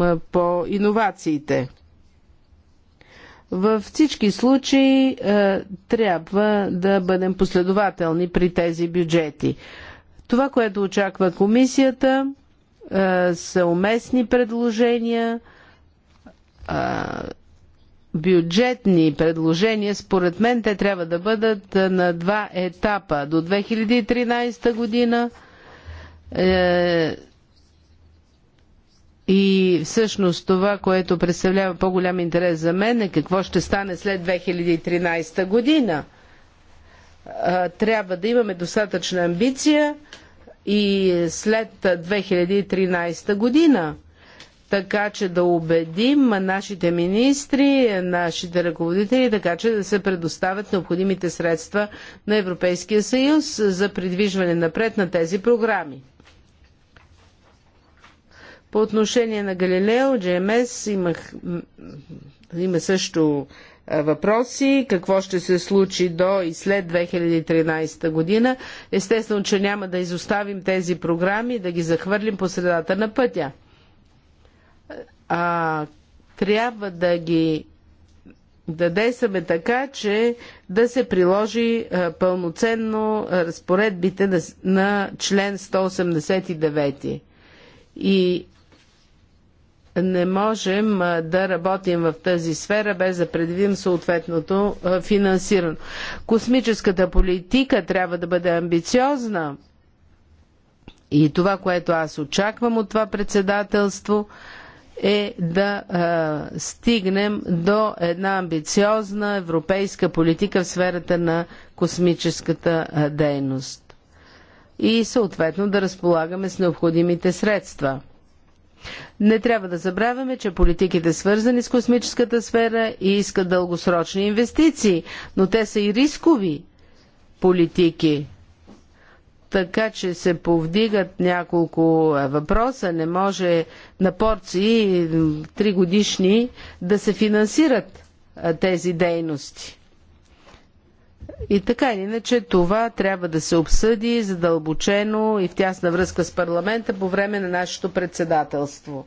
тема по иновациите. Във всички случаи е, трябва да бъдем последователни при тези бюджети. Това, което очаква комисията, е, са уместни предложения, е, бюджетни предложения. Според мен те трябва да бъдат на два етапа. До 2013 година и всъщност това, което представлява по-голям интерес за мен е какво ще стане след 2013 година. Трябва да имаме достатъчна амбиция и след 2013 година, така че да убедим нашите министри, нашите ръководители, така че да се предоставят необходимите средства на Европейския съюз за придвижване напред на тези програми. По отношение на Галилео, GMS, имах, има също въпроси, какво ще се случи до и след 2013 година. Естествено, че няма да изоставим тези програми, да ги захвърлим по средата на пътя. А, трябва да ги да действаме така, че да се приложи а, пълноценно разпоредбите на, на член 189. И не можем да работим в тази сфера без да предвидим съответното финансиране. Космическата политика трябва да бъде амбициозна и това, което аз очаквам от това председателство е да а, стигнем до една амбициозна европейска политика в сферата на космическата дейност и съответно да разполагаме с необходимите средства. Не трябва да забравяме, че политиките свързани с космическата сфера и искат дългосрочни инвестиции, но те са и рискови политики. Така че се повдигат няколко е, въпроса. Не може на порции годишни да се финансират е, тези дейности. И така или иначе това трябва да се обсъди задълбочено и в тясна връзка с парламента по време на нашето председателство.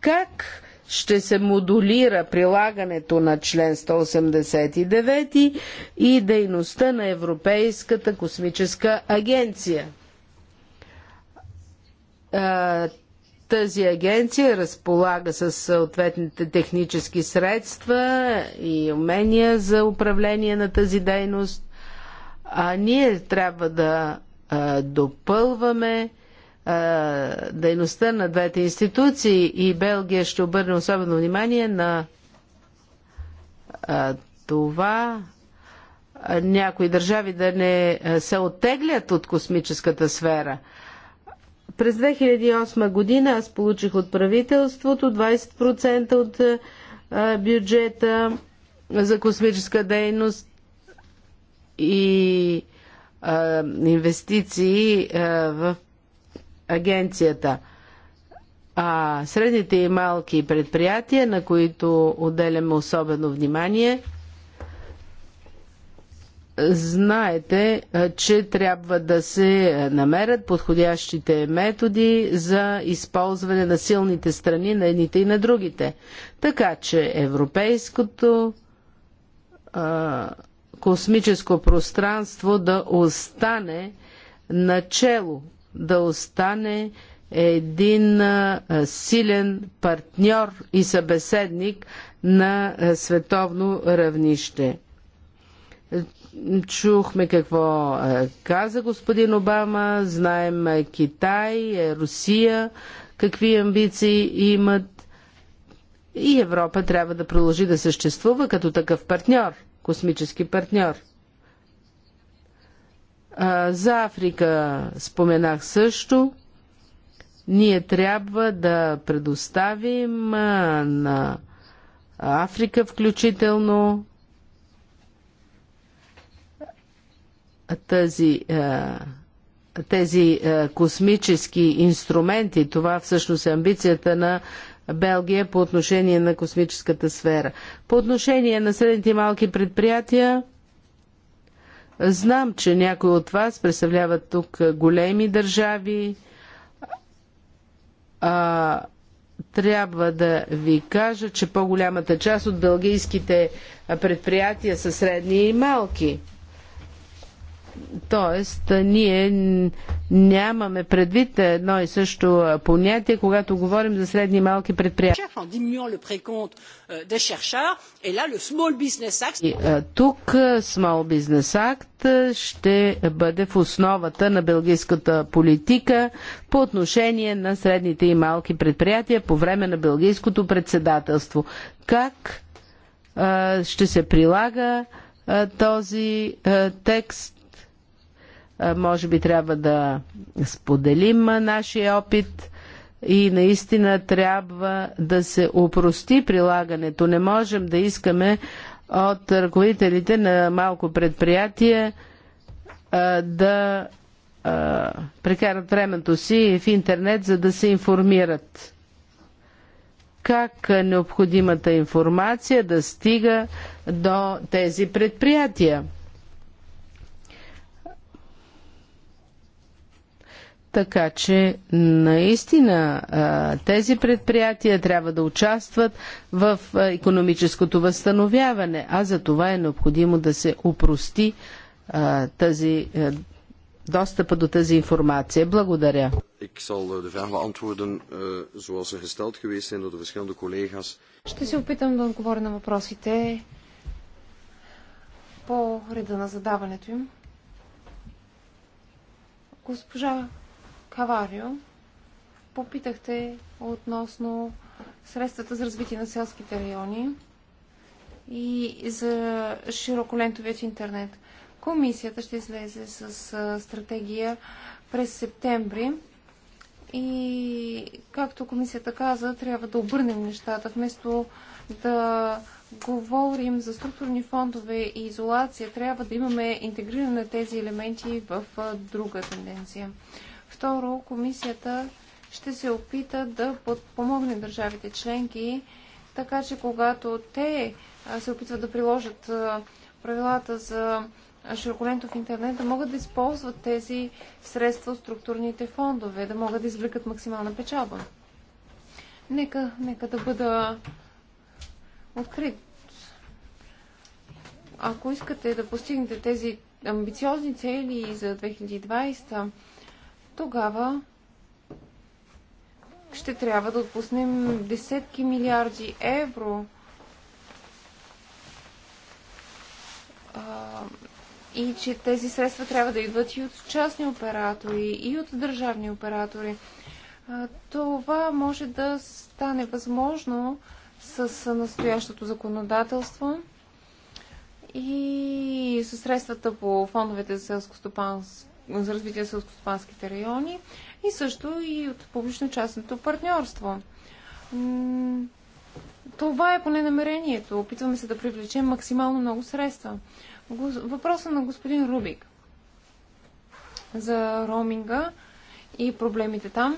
Как ще се модулира прилагането на член 189 и дейността на Европейската космическа агенция? Тази агенция разполага с съответните технически средства и умения за управление на тази дейност а ние трябва да а, допълваме а, дейността на двете институции и Белгия ще обърне особено внимание на а, това някои държави да не се оттеглят от космическата сфера. През 2008 година аз получих от правителството 20% от бюджета за космическа дейност и а, инвестиции а, в агенцията. А средните и малки предприятия, на които отделяме особено внимание, знаете, че трябва да се намерят подходящите методи за използване на силните страни на едните и на другите. Така че европейското космическо пространство да остане начало, да остане един силен партньор и събеседник на световно равнище. Чухме какво каза господин Обама, знаем Китай, Русия, какви амбиции имат и Европа трябва да продължи да съществува като такъв партньор – космически партньор. За Африка споменах също. Ние трябва да предоставим на Африка включително тази, тези космически инструменти. Това всъщност е амбицията на Белгия по отношение на космическата сфера. По отношение на средните и малки предприятия, знам, че някои от вас представляват тук големи държави. А, трябва да ви кажа, че по-голямата част от белгийските предприятия са средни и малки. Тоест, ние нямаме предвид едно и също понятие, когато говорим за средни и малки предприятия. И, тук euh, Small Business Act ще бъде в основата на белгийската политика по отношение на средните и малки предприятия по време на белгийското председателство. Как ще се прилага този текст може би трябва да споделим нашия опит и наистина трябва да се упрости прилагането. Не можем да искаме от ръководителите на малко предприятие да прекарат времето си в интернет, за да се информират. Как необходимата информация да стига до тези предприятия? Така че наистина тези предприятия трябва да участват в економическото възстановяване, а за това е необходимо да се упрости тази, достъпа до тази информация. Благодаря. Ще се опитам да отговоря на въпросите по реда на задаването им. Госпожа Каварио, попитахте относно средствата за развитие на селските райони и за широколентовият интернет. Комисията ще излезе с стратегия през септември и, както комисията каза, трябва да обърнем нещата, вместо да говорим за структурни фондове и изолация, трябва да имаме интегриране на тези елементи в друга тенденция. Второ, комисията ще се опита да подпомогне държавите членки, така че когато те се опитват да приложат правилата за широколентов интернет, да могат да използват тези средства от структурните фондове, да могат да извлекат максимална печалба. Нека, нека да бъда открит. Ако искате да постигнете тези амбициозни цели за 2020 тогава ще трябва да отпуснем десетки милиарди евро. А, и че тези средства трябва да идват и от частни оператори, и от държавни оператори. А, това може да стане възможно с настоящото законодателство и със средствата по фондовете за селско-стопанство за развитие на селскостопанските райони и също и от публично-частното партньорство. Това е поне намерението. Опитваме се да привлечем максимално много средства. Въпросът на господин Рубик за роуминга и проблемите там.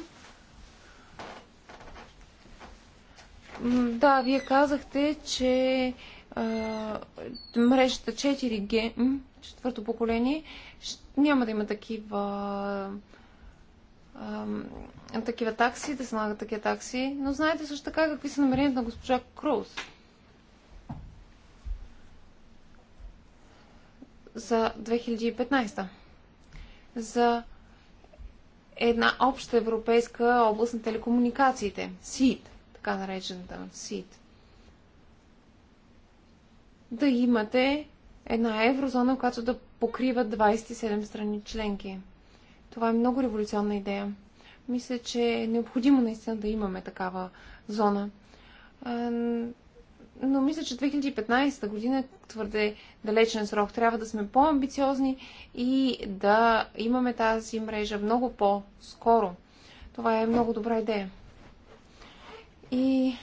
Да, вие казахте, че мрежата 4G, четвърто поколение, няма да има такива такива такси, да се налагат такива такси. Но знаете също така какви са намеренията на госпожа Круз. за 2015. За една обща европейска област на телекомуникациите. СИД, така наречената СИД. Да имате една еврозона, която да покрива 27 страни членки. Това е много революционна идея. Мисля, че е необходимо наистина да имаме такава зона. Но мисля, че 2015 година е твърде далечен срок. Трябва да сме по-амбициозни и да имаме тази мрежа много по-скоро. Това е много добра идея. И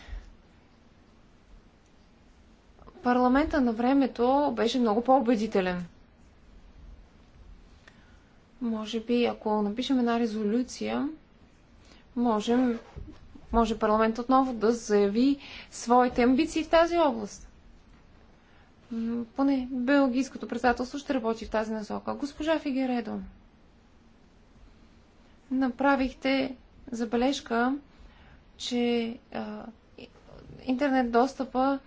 парламента на времето беше много по-убедителен. Може би, ако напишем една резолюция, можем, може парламент отново да заяви своите амбиции в тази област. Поне Белгийското председателство ще работи в тази насока. Госпожа Фигередо, направихте забележка, че а, интернет достъпа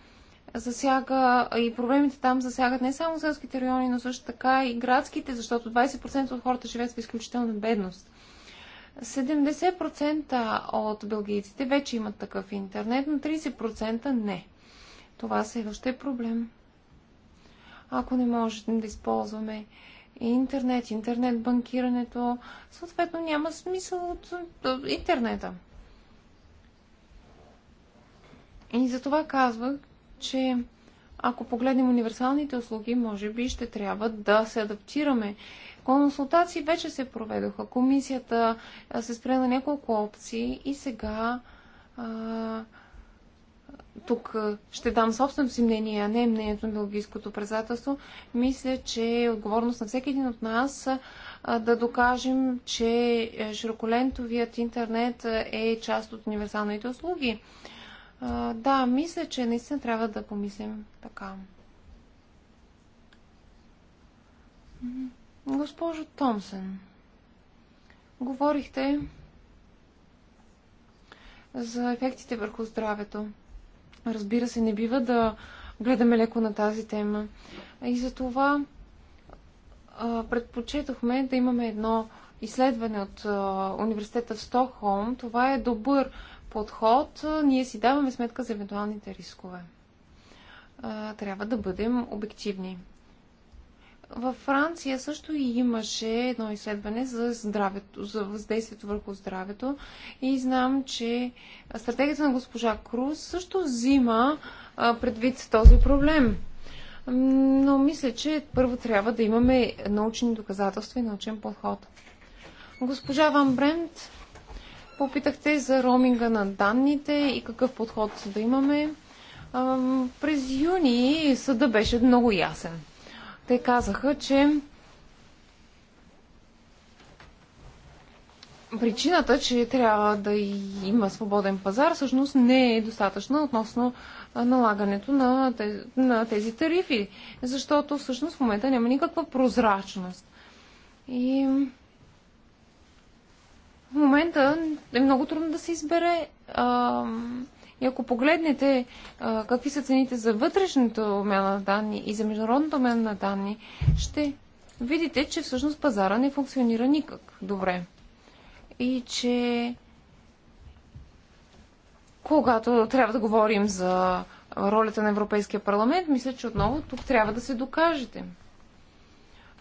засяга и проблемите там засягат не само селските райони, но също така и градските, защото 20% от хората живеят в изключителна бедност. 70% от белгийците вече имат такъв интернет, но 30% не. Това също е проблем. Ако не можем да използваме интернет, интернет банкирането, съответно няма смисъл от интернета. И за това казвах, че ако погледнем универсалните услуги, може би ще трябва да се адаптираме. Консултации вече се проведоха. Комисията се спря на няколко опции и сега а, тук ще дам собственото си мнение, а не мнението на Белгийското председателство. Мисля, че е отговорност на всеки един от нас да докажем, че е, широколентовият интернет е част от универсалните услуги. А, а, да, мисля, че наистина трябва да помислим така. Госпожо Томсен, говорихте за ефектите върху здравето. Разбира се, не бива да гледаме леко на тази тема. И за това а, предпочетохме да имаме едно изследване от а, университета в Стокхолм. Това е добър подход ние си даваме сметка за евентуалните рискове. Трябва да бъдем обективни. Във Франция също имаше едно изследване за здравето, за въздействието върху здравето и знам, че стратегията на госпожа Круз също взима предвид този проблем. Но мисля, че първо трябва да имаме научни доказателства и научен подход. Госпожа Ван Брент, Попитахте за роуминга на данните и какъв подход да имаме. През юни съда беше много ясен. Те казаха, че причината, че трябва да има свободен пазар, всъщност не е достатъчна относно налагането на тези, на тези тарифи, защото всъщност в момента няма никаква прозрачност. И в момента е много трудно да се избере. А, и ако погледнете а, какви са цените за вътрешната обмяна на данни и за международната обмяна на данни, ще видите, че всъщност пазара не функционира никак добре. И че когато трябва да говорим за ролята на Европейския парламент, мисля, че отново тук трябва да се докажете.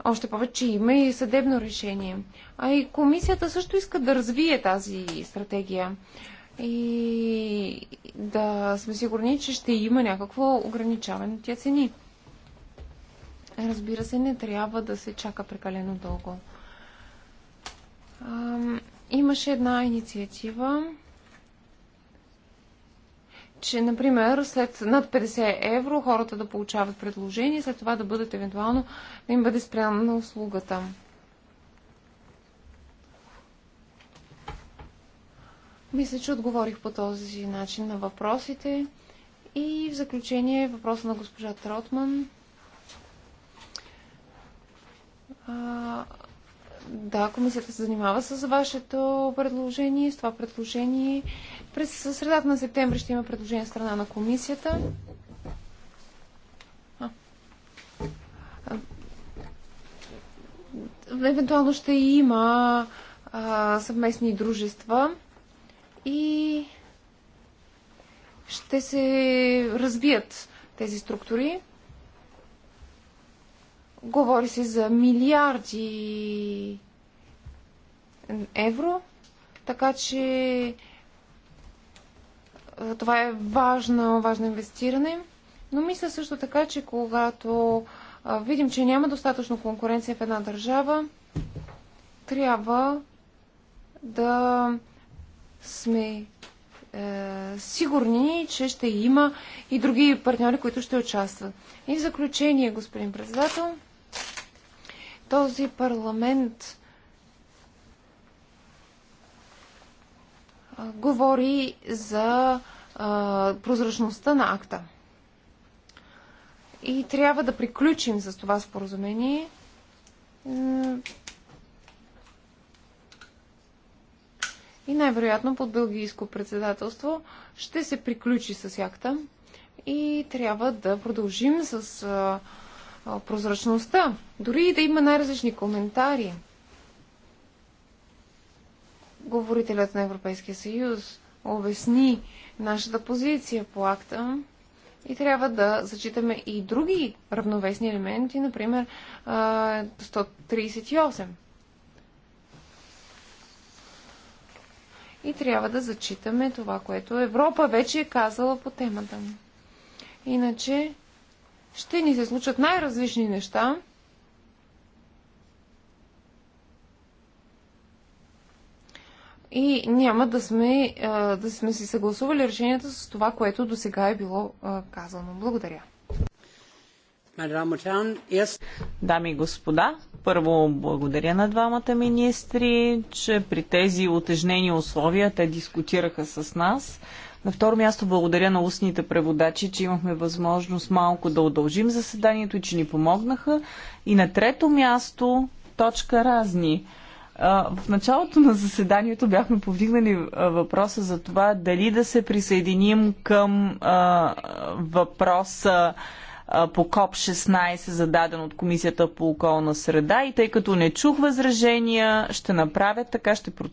Още повече има и съдебно решение. А и комисията също иска да развие тази стратегия. И да сме сигурни, че ще има някакво ограничаване на тия цени. Разбира се, не трябва да се чака прекалено дълго. имаше една инициатива, че, например, след над 50 евро хората да получават предложение след това да бъдат евентуално да им бъде спряна на услугата. Мисля, че отговорих по този начин на въпросите. И в заключение е въпроса на госпожа Тротман да, комисията се занимава с вашето предложение, с това предложение. През средата на септември ще има предложение страна на комисията. А. Евентуално ще има а, съвместни дружества и ще се разбият тези структури. Говори се за милиарди евро, така че това е важно, важно инвестиране. Но мисля също така, че когато видим, че няма достатъчно конкуренция в една държава, трябва да сме е, сигурни, че ще има и други партньори, които ще участват. И в заключение, господин председател, този парламент говори за а, прозрачността на акта. И трябва да приключим с това споразумение. И най-вероятно под бългийско председателство ще се приключи с акта и трябва да продължим с а, прозрачността, дори и да има най-различни коментари. Говорителят на Европейския съюз обясни нашата позиция по акта и трябва да зачитаме и други равновесни елементи, например 138. И трябва да зачитаме това, което Европа вече е казала по темата. Иначе ще ни се случат най-различни неща. И няма да сме, да сме си съгласували решенията с това, което до сега е било казано. Благодаря. Дами и господа, първо благодаря на двамата министри, че при тези отежнени условия те дискутираха с нас. На второ място благодаря на устните преводачи, че имахме възможност малко да удължим заседанието и че ни помогнаха. И на трето място точка разни. В началото на заседанието бяхме повдигнали въпроса за това дали да се присъединим към въпроса по КОП-16, зададен от Комисията по околна среда и тъй като не чух възражения, ще направя така, ще процедирам.